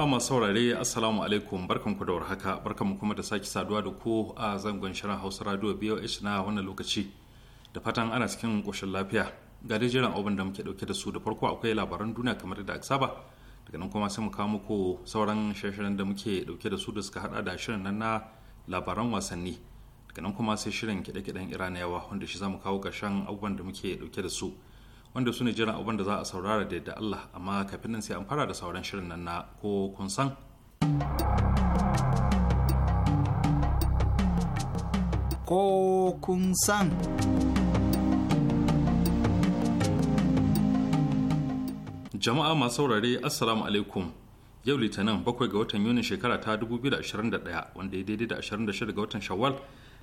jama'a masu saurare assalamu alaikum ku da warhaka mu kuma da sake saduwa da ku a zangon shirin hausa radio boh na wannan lokaci da fatan ana cikin ƙoshin lafiya ga dai jiran abin da muke dauke da su da farko akwai labaran duniya kamar da aka saba daga nan kuma sai mu kawo muku sauran shirin da muke dauke da su da suka hada da shirin nan na labaran wasanni daga nan kuma sai shirin kiɗe-kiɗen iraniyawa wanda shi za mu kawo ƙarshen abubuwan da muke dauke da su wanda su ne jiran abin da za a saurara da yadda Allah amma kafin nan sai an fara da sauran shirin nan na ko kun san. Ko kun san. Jama'a masu saurare Assalamu alaikum. Yau Litinin bakwai ga watan yuni shekara ta 2021 wanda ya daidai da 26 ga watan Shawwal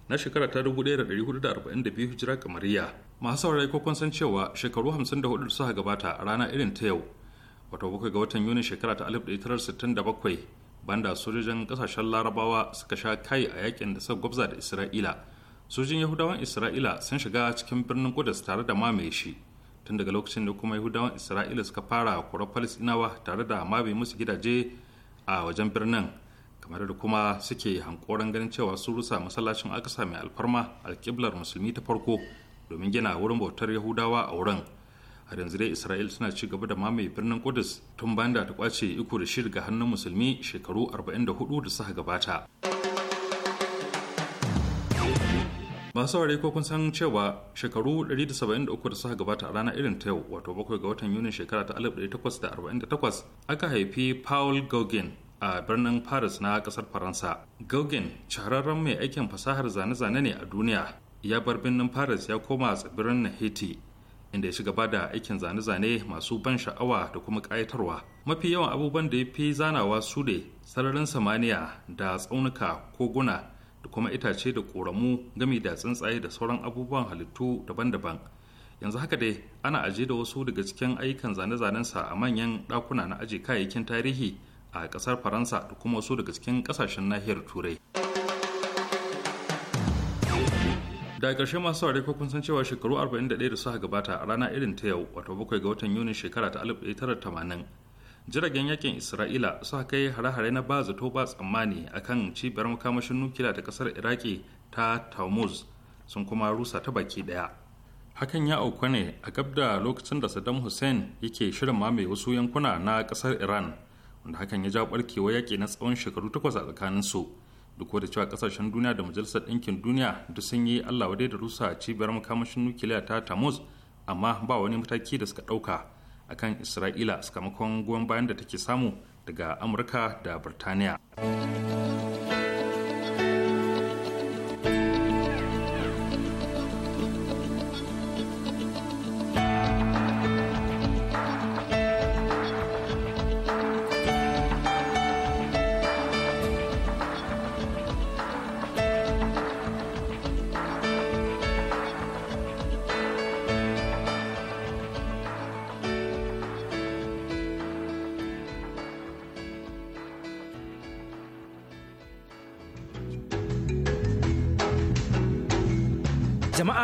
na shekara ta 1442 Hijira kamariya. masu saurari ko kun san cewa shekaru 54 da suka gabata a rana irin ta yau wato bakwai ga watan yuni shekara ta 1967 banda sojojin kasashen larabawa suka sha kai a yakin da suka gwabza da isra'ila sojin yahudawan isra'ila sun shiga cikin birnin kudus tare da mamaye shi tun daga lokacin da kuma yahudawan isra'ila suka fara kura palestinawa tare da mamaye musu gidaje a wajen birnin kamar da kuma suke hankoran ganin cewa sun rusa masallacin akasa mai alfarma alkiblar musulmi ta farko domin gina wurin bautar yahudawa a wurin a yanzu dai isra'il tana ci gaba da mamaye birnin kudus tun bayan da ta kwace iko da shi daga hannun musulmi shekaru 44 da suka gabata masu saurare ko kun san cewa shekaru 173 da suka gabata a ranar irin ta yau wato bakwai ga watan yunin shekara ta 1848 aka haifi paul gauguin a birnin paris na kasar faransa gauguin shahararren mai aikin fasahar zane-zane ne a duniya ya bar birnin paris ya koma tsibirin na haiti inda ya ci gaba da aikin zane-zane masu ban sha'awa da kuma ƙayatarwa mafi yawan abubuwan da ya fi zanawa su ne sararin samaniya da tsaunuka koguna da kuma itace da ƙoramu gami da tsuntsaye da sauran abubuwan halittu daban-daban yanzu haka dai ana ajiye da wasu daga cikin ayyukan zane-zanensa a manyan ɗakuna na aji kayayyakin tarihi a ƙasar faransa da kuma wasu daga cikin ƙasashen nahiyar turai da ƙarshe masu saurari ko kun san cewa shekaru 41 da suka gabata a rana irin ta yau wato bakwai ga watan yuni shekara ta 1980 jiragen yakin isra'ila suka kai hare-hare na ba zato ba tsammani a kan cibiyar makamashin nukiliya ta kasar iraki ta tammuz sun kuma rusa ta baki daya hakan ya auku ne a gab da lokacin da saddam hussein yake shirin mamaye wasu yankuna na kasar iran wanda hakan ya ja barkewar yaƙi na tsawon shekaru takwas a tsakanin su duk da cewa kasashen duniya da majalisar ɗinkin duniya duk sun yi allah wadai da rusa cibiyar makamashin nukiliya ta tamuz amma ba wani mataki da suka ɗauka kan isra'ila sakamakon goyon bayan da take samu daga amurka da birtaniya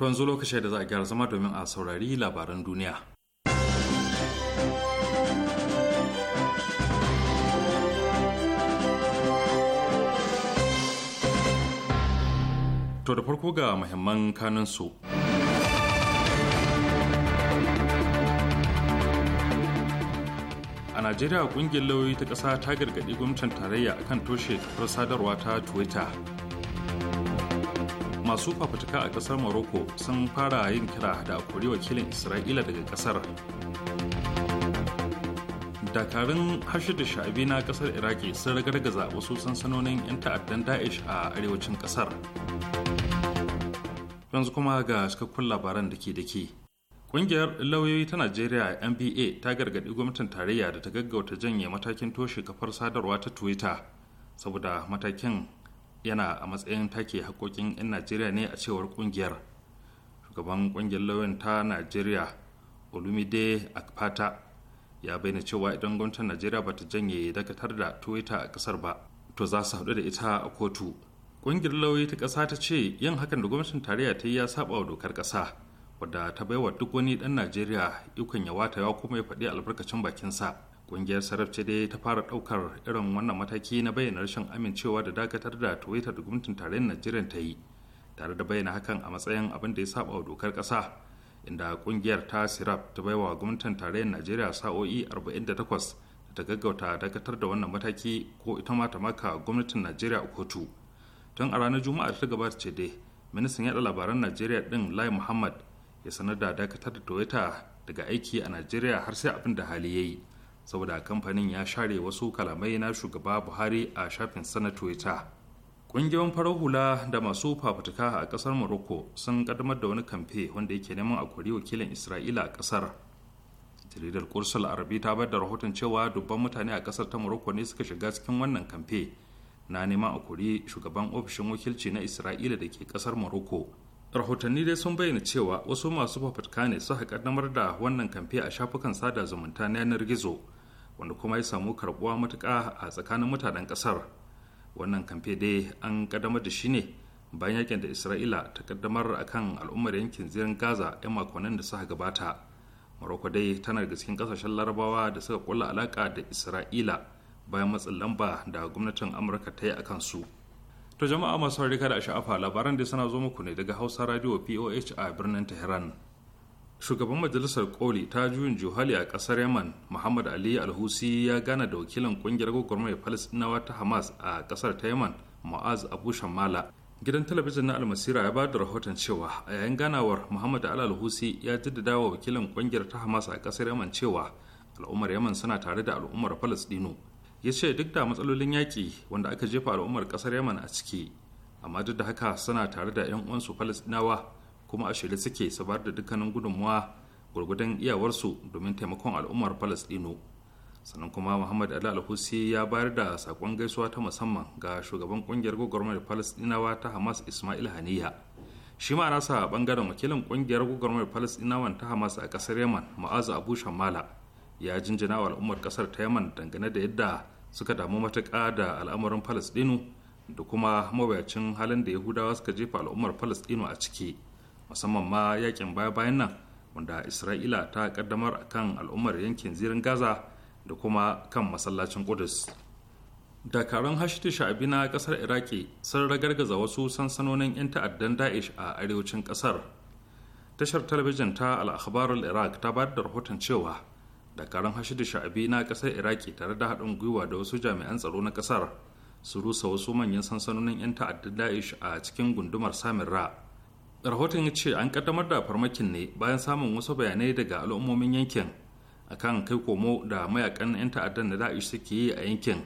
To yanzu lokaci da za a gyara zama domin a saurari labaran duniya. To da farko ga muhimman kanansu. A Najeriya kungiyar lauyoyi ta ƙasa ta gargaɗi gwamnatin tarayya akan toshe kafar sadarwa ta Twitter. masu fafutuka a ƙasar morocco sun fara yin kira da kori wakilin isra'ila daga ƙasar dakarun hashe da sha'abi na ƙasar iraki sun ragargaza wasu sansanonin 'yan ta'addan daesh a arewacin ƙasar yanzu kuma ga cikakkun labaran da ke da ke Ƙungiyar lauyoyi ta Najeriya NBA ta gargaɗi gwamnatin tarayya da ta gaggauta janye matakin toshe kafar sadarwa ta Twitter saboda matakin yana a matsayin take haƙoƙin 'yan najeriya ne a cewar ƙungiyar shugaban ƙungiyar lauyan ta najeriya olumide akpata ya bayyana cewa idan gwamnatin najeriya bata janye dakatar da twitter a ƙasar ba to za su haɗu da ita a kotu ƙungiyar lauyi ta ƙasa ta ce yin hakan da gwamnatin tarayya ta yi ya saba wa dokar ƙasa wadda ta baiwa duk wani ɗan najeriya ikon ya wata ya kuma ya faɗi albarkacin bakinsa kungiyar sarrafce dai ta fara daukar irin wannan mataki na bayyana rashin amincewa da dakatar da twitter da gwamnatin tarayyar najeriya ta yi tare da bayyana hakan a matsayin abin da ya saba wa dokar kasa inda kungiyar ta sirap ta baiwa gwamnatin tarayyar najeriya sa'o'i 48 da ta gaggauta dakatar da wannan mataki ko ita ma ta maka gwamnatin najeriya kotu tun a ranar juma'a da ta gabata ce dai ministan yada labaran najeriya din lai muhammad ya sanar da dakatar da twitter daga aiki a najeriya har sai abin da hali ya yi saboda kamfanin ya share wasu kalamai na shugaba buhari a shafin sana twitter ƙungiyoyin farar hula da masu fafutuka a ƙasar morocco sun kaddamar da wani kamfe wanda yake neman a kori wakilin isra'ila a ƙasar jaridar kursul arabi ta bayar da rahoton cewa dubban mutane a ƙasar ta morocco ne suka shiga cikin wannan kamfe na neman a kori shugaban ofishin wakilci na isra'ila da ke ƙasar morocco rahotanni dai sun bayyana cewa wasu masu fafutuka ne suka kaddamar da wannan kamfe a shafukan sada zumunta na yanar gizo wanda kuma ya samu karbuwa matuka a tsakanin mutanen ƙasar wannan kamfe dai an kaddamar da shi ne bayan yakin da isra'ila ta kaddamar a kan al'ummar yankin zirin gaza 'yan makonnin da suka gabata morocco dai tana da cikin kasashen larabawa da suka kulla alaka da isra'ila bayan matsin lamba da gwamnatin amurka ta yi a kansu to jama'a masu harika da sha'afa labaran da suna zo muku ne daga hausa radio poh a birnin tehran shugaban majalisar koli ta juyin juhali a kasar yaman muhammad ali alhusi ya gana da wakilan kungiyar gwagwarmayar palestinawa ta hamas a kasar ta yaman mu'az abu shammala gidan talabijin na almasira ya ba da rahoton cewa a yayin ganawar muhammad ali alhusi ya jaddada wa wakilan kungiyar ta hamas a kasar yaman cewa al'ummar yaman suna tare da al'ummar palestino ya ce duk da matsalolin yaƙi wanda aka jefa al'ummar kasar yaman a ciki amma duk da haka suna tare da 'yan uwansu palestinawa kuma a shirye suke su da dukkanin gudunmuwa gwargwadon iyawarsu domin taimakon al'ummar palestino sannan kuma muhammad ali alhusi ya bayar da sakon gaisuwa ta musamman ga shugaban kungiyar gwagwarmar palestinawa ta hamas ismail haniya shi ma nasa bangaren wakilin kungiyar gwagwarmar palestinawa ta hamas a kasar yaman ma'azu abu shammala ya jinjina wa al'ummar kasar ta yaman dangane da yadda suka damu matuƙa da al'amarin palestino da kuma mawuyacin halin da yahudawa suka jefa al'ummar palestino a ciki musamman ma yakin baya-bayan nan wanda isra'ila ta kaddamar a kan al'ummar yankin zirin gaza da kuma kan masallacin kudus dakarun hashiti sha'abi na kasar iraki sun ragargaza wasu sansanonin 'yan ta'addan da'ish a arewacin kasar tashar talabijin ta al'akhbar iraq ta bayar da rahoton cewa dakarun hashiti sha'abi na kasar iraki tare da haɗin gwiwa da wasu jami'an tsaro na kasar su rusa wasu manyan sansanonin 'yan ta'addan da'ish a cikin gundumar samirra rahoton ya ce an kaddamar da farmakin ne bayan samun wasu bayanai daga al'ummomin yankin akan kai komo da mayakan 'yan ta'addan da da'ish suke yi a yankin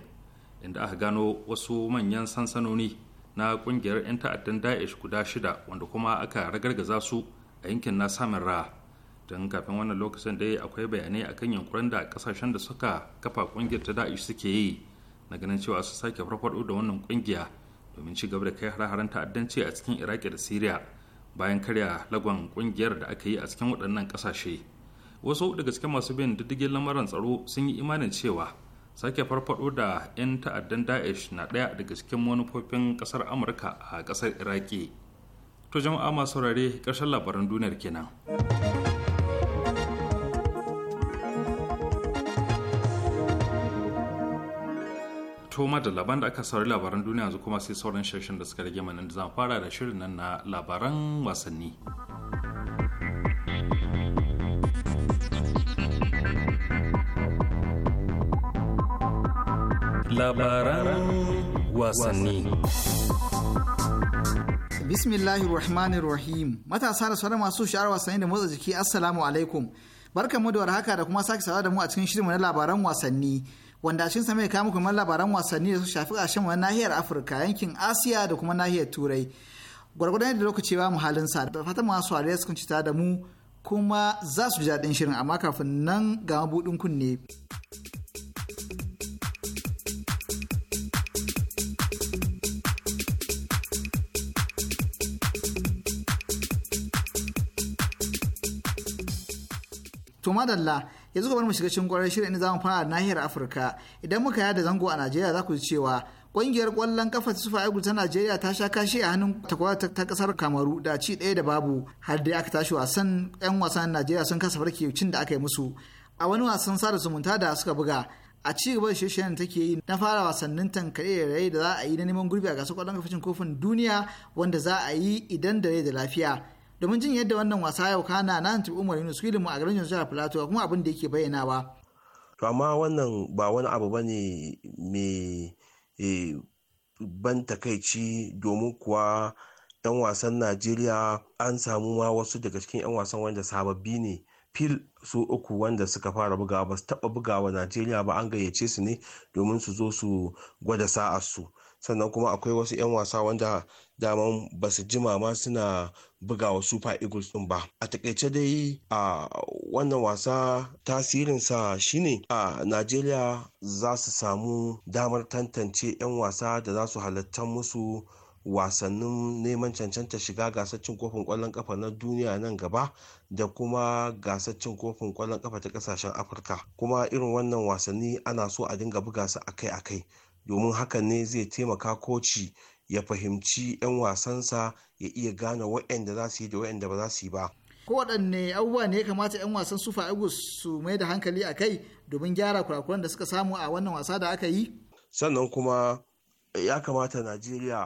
inda aka gano wasu manyan sansanoni na kungiyar 'yan ta'addan da'ish guda shida wanda kuma aka ragargaza su a yankin na samun ra don kafin wannan lokacin dai akwai bayanai akan yankuran da kasashen da suka kafa kungiyar ta da'ish suke yi na ganin cewa su sake farfaɗo da wannan kungiya domin ci gaba da kai har-haren ta'addanci a cikin iraki da syria bayan karya lagon kungiyar da aka yi a cikin waɗannan ƙasashe wasu daga cikin masu bin diddigin lamarin tsaro sun yi imanin cewa sake farfado da 'yan ta'addan daesh na ɗaya daga cikin manufofin ƙasar amurka a ƙasar iraki to jama'a masu rare ƙarshen labaran duniyar kenan. to da labaran da aka saurari labaran duniya yanzu kuma sai sauran shirin da suka rage mana da zan fara da shirin nan na labaran wasanni labaran wasanni bismillahir rahmanir rahim matasa da sauran masu sha'ar wasanni da motsa jiki assalamu alaikum barkan da haka da kuma sake sawa da mu a cikin shirin na labaran wasanni wanda shin same kawo muku kuma labaran wasanni da su shafi ƙarshen wani nahiyar Afirka yankin Asiya da kuma nahiyar Turai. Gwargwadon da lokaci ba mu sa da fatan masu wariya cita da mu kuma za su ji daɗin shirin amma kafin nan ga mabuɗin kunne. To madalla yanzu kamar mu shiga cikin kwarar shirin inda zamu fara nahiyar afirka idan muka yada zango a najeriya za ku ji cewa kungiyar kwallon kafa ta sufa egu ta najeriya ta sha kashi a hannun takwata ta kasar kamaru da ci ɗaya da babu har dai aka tashi wasan yan wasan najeriya sun kasa farke cin da aka yi musu a wani wasan sada zumunta da suka buga a ci gaba da shirye take yi na fara wasannin tankare da rai da za a yi na neman gurbi a gasar kwallon cin kofin duniya wanda za a yi idan da rai da lafiya domin jin yadda wannan wasa yau kana nan hanci umar yunus mu a garin jihar filato kuma abin da yake bayyanawa to amma wannan ba wani abu ba ne mai e, ban takaici domin kuwa 'yan wasan najeriya an samu ma wasu daga cikin 'yan wasan wanda sababbi ne fil su uku wanda suka fara bugawa ba su taba bugawa najeriya ba an gayyace su ne domin su zo su gwada sa'ar su sannan kuma akwai wasu 'yan wasa wanda daman ba su jima ma suna bugawa super eagles din ba a takaice dai a wannan wasa tasirinsa shine a najeriya za su samu damar tantance 'yan wasa da za su halatta musu wasannin neman cancanta shiga gasar kofin kwallon kafa na duniya nan gaba da kuma gasar kofin kwallon kafa ta kasashen afirka kuma irin wannan wasanni ana so a dinga buga su akai-akai domin hakan ne zai taimaka koci ya fahimci 'yan wasansa ya iya gane waɗanda za su yi da waɗanda ba za su yi ba. Ko waɗanne abubuwa ne ya kamata 'yan wasan sufa Eagles su mai da hankali a kai domin gyara kurakuran da suka samu a wannan wasa da aka yi? Sannan kuma ya kamata Najeriya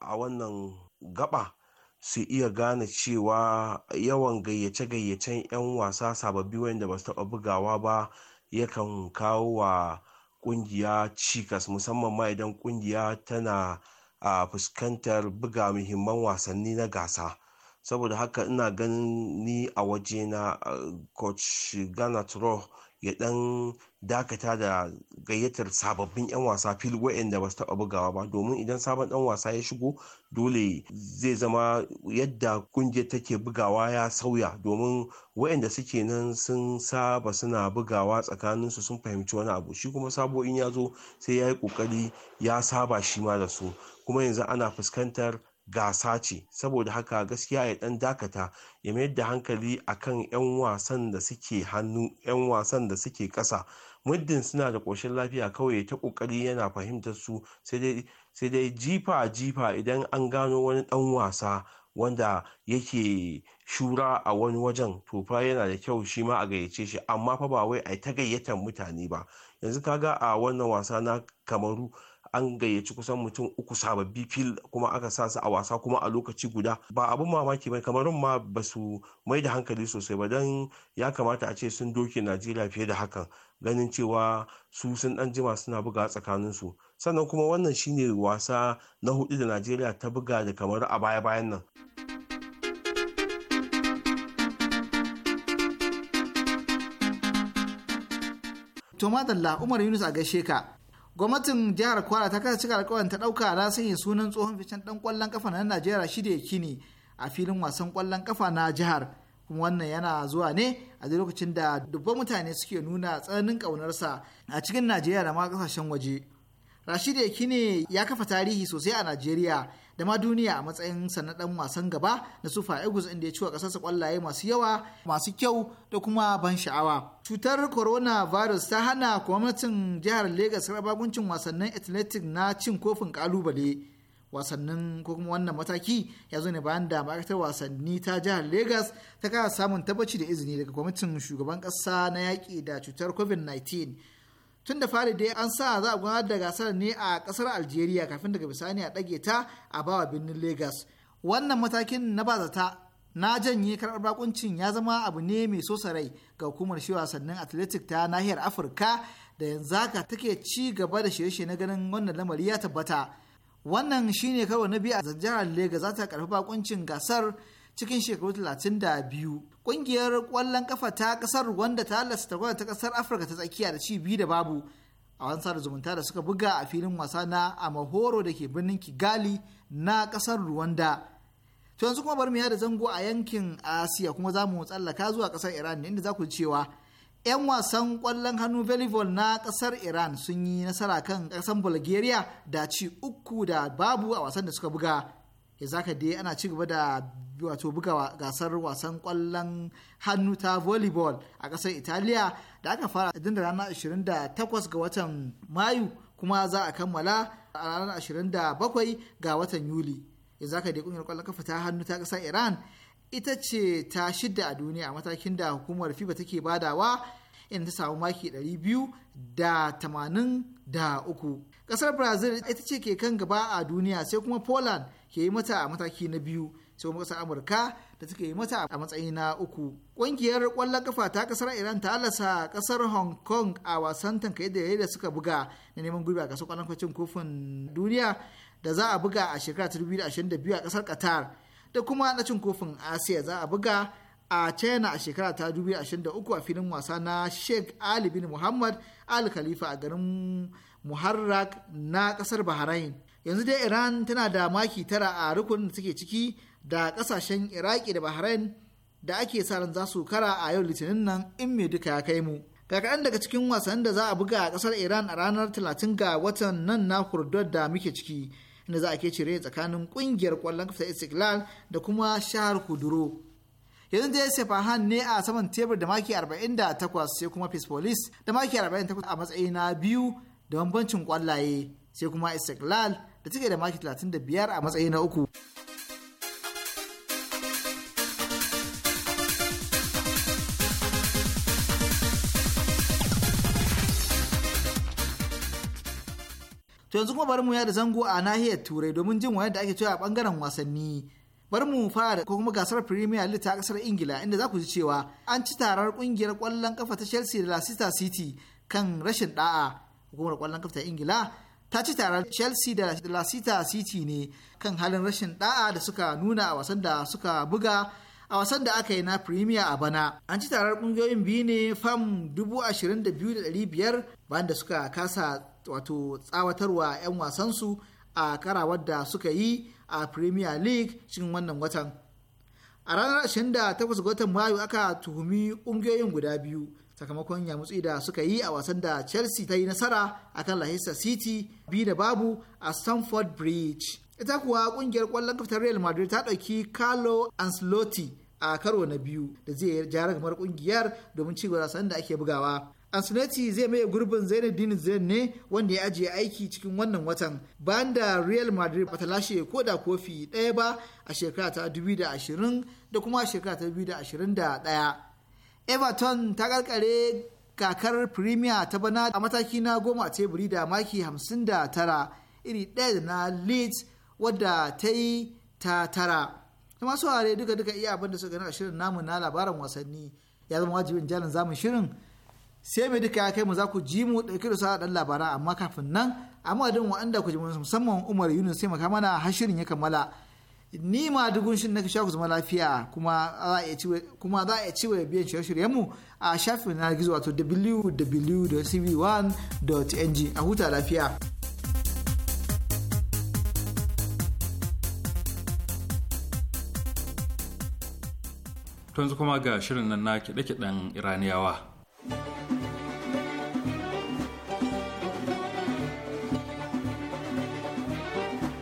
a wannan gaba su iya gane cewa yawan gayyace-gayyacen 'yan wasa sababbi wayanda ba su taɓa bugawa ba yakan kawo wa kungiya cikas musamman ma idan kungiya tana a fuskantar buga muhimman wasanni na gasa saboda haka ina ganin ni a waje na eh, coach ganatro ya dan dakata da gayyatar sababbin 'yan wasa fil wa'anda ba su taba bugawa ba domin idan sabon dan wasa ya shigo dole zai zama yadda kungiyar take bugawa ya sauya domin wa'anda suke nan sun saba suna bugawa tsakaninsu sun fahimci wani abu shi kuma sabo in ya zo sai ya yi kokari ya saba shi ma da su kuma yanzu ana fuskantar gasa ce saboda haka gaskiya ya dan dakata ya mayar da hankali akan 'yan wasan da suke hannu 'yan wasan da suke kasa muddin suna da koshin lafiya kawai ta kokari yana fahimtar su sai dai jifa jifa idan an gano wani dan wasa wanda yake shura a wani wajen to yana da kyau shi ma a gayyace shi amma fa ba wai a ta gayyatar mutane ba yanzu kaga a wannan wasa na kamaru an gayyaci kusan mutum uku sababbi fil kuma aka sa su a wasa kuma a lokaci guda ba abin mamaki ba kamarin ma ba su mai da hankali sosai ba don ya kamata a ce sun doke najeriya fiye da hakan ganin cewa su sun dan jima suna buga tsakanin su sannan kuma wannan shine wasa na hudu da najeriya ta buga da kamar a baya-bayan nan to madalla umar yunus a gaishe ka gwamnatin jihar kwara ta kasa cika alkawarin ta ɗauka na sanya sunan tsohon fitan ɗan kwallon kafa na najeriya shida ya kini a filin wasan kwallon kafa na jihar kuma wannan yana zuwa ne a lokacin da dubban mutane suke nuna tsananin kaunarsa a cikin najeriya da ma kasashen waje rashid kine ya kafa tarihi sosai a najeriya da ma duniya a matsayin sanadan wasan gaba na sufa eagles inda ya ciwa kasarsa kwallaye masu yawa masu kyau da kuma ban sha'awa cutar coronavirus ta hana gwamnatin jihar Legas lagos rabaguncin wasannin Athletic na cin kofin kalubale wasannin ko kuma wannan mataki ya zo ne bayan da ma'aikatar wasanni ta jihar Legas ta kara samun tabbaci da izini daga kwamitin shugaban kasa na Yaki da cutar covid-19 tun da fari dai an sa za a gudanar da gasar ne a kasar algeria kafin daga bisani a ɗage ta a bawa birnin legas. wannan matakin na bazata na janye karbar bakuncin ya zama abu ne mai sosa rai ga hukumar shi wasannin atletic ta nahiyar afirka da yanzu haka take ci gaba da shirye-shirye na ganin wannan lamari ya tabbata wannan shine karo na biyu a jihar legas za ta karɓi bakuncin gasar cikin shekaru 32 ƙungiyar kwallon kafa ta ƙasar Rwanda ta halasta ta ta ƙasar Afirka ta tsakiya da ci biyu da babu a sada zumunta da suka buga a filin wasa na Amahoro da ke birnin Kigali na kasar Rwanda. To yanzu kuma bari mu yada zango a yankin Asiya kuma za mu tsallaka zuwa ƙasar Iran inda za ku ji cewa 'yan wasan kwallon hannu volleyball na ƙasar Iran sun yi nasara kan kasar Bulgaria da ci uku da babu a wasan da suka buga. ya zaka dai ana ci gaba da wato buga gasar wasan kwallon hannu ta volleyball a ƙasar italiya da aka fara din da ranar 28 ga watan mayu kuma za a kammala a ranar 27 ga watan yuli ya zaka dai kungiyar kwallon kafa ta hannu ta ƙasar iran ita ce ta shidda a duniya a matakin da hukumar fiba take badawa in ta samu maki da da uku. ƙasar brazil ita ce ke kan gaba a duniya sai kuma poland ke yi mata a mataki na biyu sai kuma kasar amurka da take yi mata a matsayi na uku ƙungiyar ƙwallon kafa ta kasar iran ta halasa kasar hong kong a wasan tankaye da da suka buga na neman gwiwa a kasar ƙwallon kwacin kofin duniya da za a buga a shekara 2022 a kasar qatar da kuma na cin kofin asiya za a buga a china a shekara ta 2023 a filin wasa na sheikh ali bin muhammad al khalifa a garin muharrak na ƙasar bahrain yanzu dai iran tana da maki tara a rukunin da take ciki da kasashen iraki da bahrain da ake sa ran za su kara a yau litinin nan in mai duka ya kai mu ga kaɗan daga cikin wasannin da za a buga a kasar iran a ranar 30 ga watan nan na kurdor da muke ciki inda za a ke cire tsakanin ƙungiyar kwallon kafa istiklal da kuma shahar kuduro yanzu dai sefahan ne a saman tebur da maki 48 sai kuma police da maki 48 a matsayi na biyu da bambancin kwallaye sai kuma istiklal da cike da maki 35 a matsayi na uku. To yanzu kuma bari mu yada zango a nahiyar Turai domin jin wayar da ake cewa a bangaren wasanni. Bari mu fara da kuma gasar Premier League ta kasar Ingila inda za ku ji cewa an ci tarar kungiyar kwallon kafa ta Chelsea da Leicester City kan rashin da'a. Hukumar kwallon kafa ta Ingila ta ci tare chelsea da lasita city ne kan halin rashin da'a da suka nuna a wasan da suka buga a wasan da aka yi na premier a bana an ci tarar kungiyoyin biyu ne fam 22,500 bayan da suka kasa wato tsawatarwa 'yan wasansu a karawar da suka yi a premier league cikin wannan watan a ranar 28 ga watan mayu aka tuhumi kungiyoyin guda biyu sakamakon ya yamutsi da suka yi a wasan da chelsea ta yi nasara akan leicester city bi da babu a stamford bridge ita kuwa kungiyar kwallon kafin real madrid ta ɗauki carlo ancelotti a karo na biyu da zai jara kamar kungiyar domin ci wasan da ake bugawa ancelotti zai mai gurbin zainuddin zidane ne wanda ya ajiye aiki cikin wannan watan bayan da real madrid bata lashe ko da kofi ɗaya ba a shekara ta 2020 da kuma shekara ta 2021 everton ta karkare kakar premier ta bana a mataki na goma a teburi da maki 59 iri ɗaya da na leeds wadda ta yi ta tara kuma su ware duka duka iya abin da suka gani a shirin namu na labaran wasanni ya zama wajibin jalin zamu shirin sai mai duka ya kai mu za ku ji mu ɗauki da sa ɗan labaran amma kafin nan amma din wa'anda ku ji musamman umar yunus sai mana har shirin ya kammala ni ma dugun shin nake ku zama lafiya kuma za a iya ciwo da biyan shirye shirye mu a shafin na gizo wato wwwcv 1ng a huta lafiya. tunzu kuma ga shirin nan na kiɗe-kiɗen iraniyawa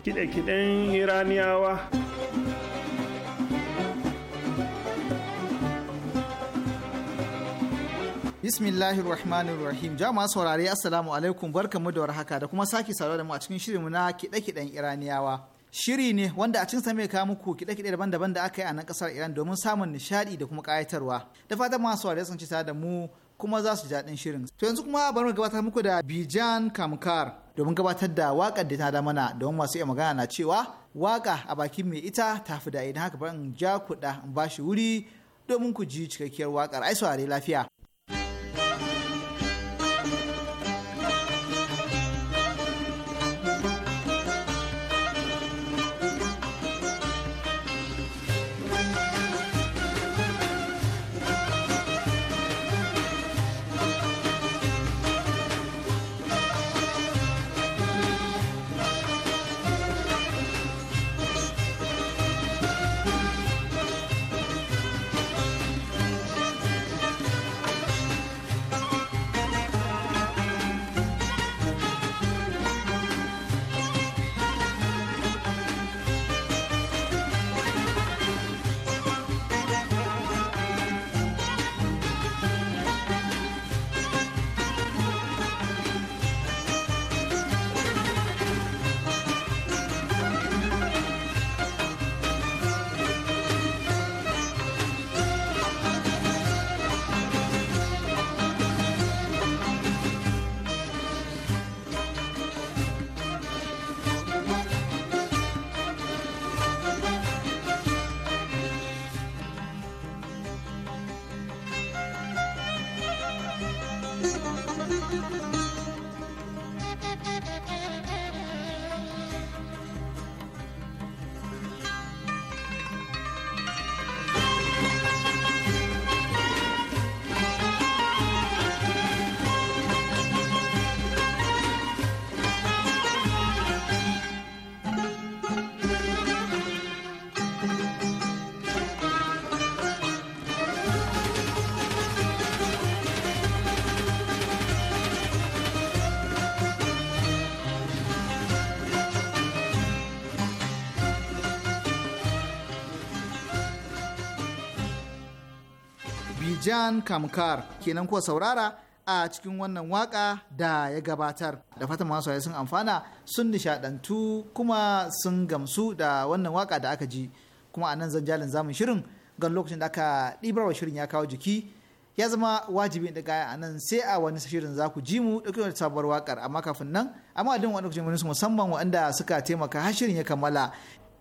kiɗe-kiɗen iraniyawa Bismillahir Rahmanir Rahim. Jama'a saurare Assalamu alaikum barkamu da warhaka da kuma sake saurare da mu a cikin shirinmu na kiɗe-kiɗen Iraniyawa. Shiri ne wanda a cikin mai kawo muku kiɗe-kiɗe daban-daban da aka yi a nan ƙasar Iran domin samun nishaɗi da kuma ƙayatarwa. Da fatan masu saurare sun ci da mu kuma za su ji shirin. To yanzu kuma bari mu gabatar muku da Bijan Kamkar domin gabatar da waƙar da ta da mana domin masu iya magana na cewa waƙa a bakin mai ita ta fi da idan haka bari ja kuɗa in ba shi wuri domin ku ji cikakkiyar waƙar ai saurare lafiya. Bijan Kamkar kenan kuwa saurara a cikin wannan waka da ya gabatar da fatan masu sun amfana sun nishadantu kuma sun gamsu da wannan waka da aka ji kuma a nan zanjalin zamun shirin gan lokacin da aka ɗibarwa shirin ya kawo jiki ya zama wajibi da gaya a nan sai a wani shirin za ku ji mu ɗauki wani sabuwar wakar amma kafin nan amma duk wani lokacin wani musamman waɗanda suka taimaka har shirin ya kammala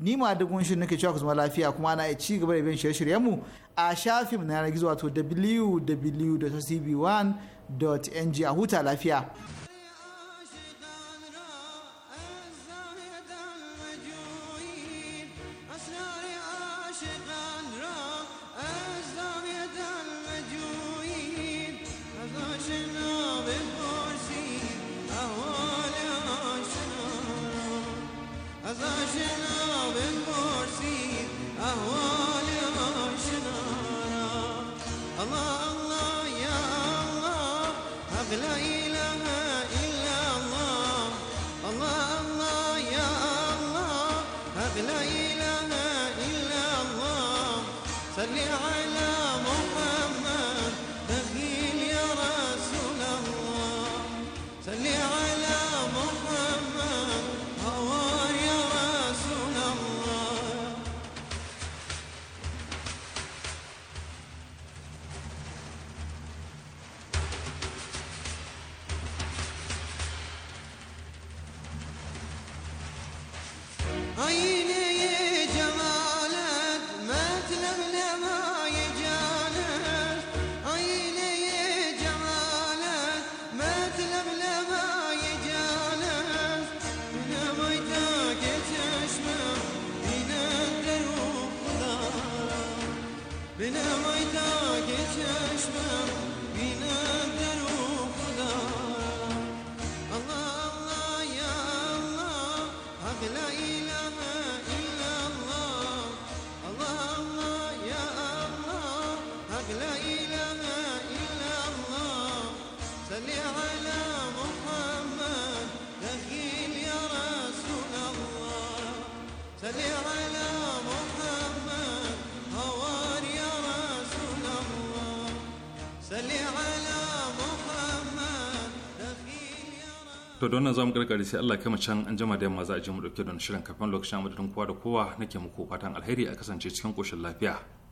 ni ma duk shirin nake cewa ku zama lafiya kuma na ci gaba da bin shirye mu? a shafin na yanar gizo wato www.cb1.ng a huta lafiya. to don nan za mu karkare sai Allah kama can an jima da yamma za a je mu dauke don shirin kafin lokacin amadadin kowa da kowa nake muku fatan alheri a kasance cikin koshin lafiya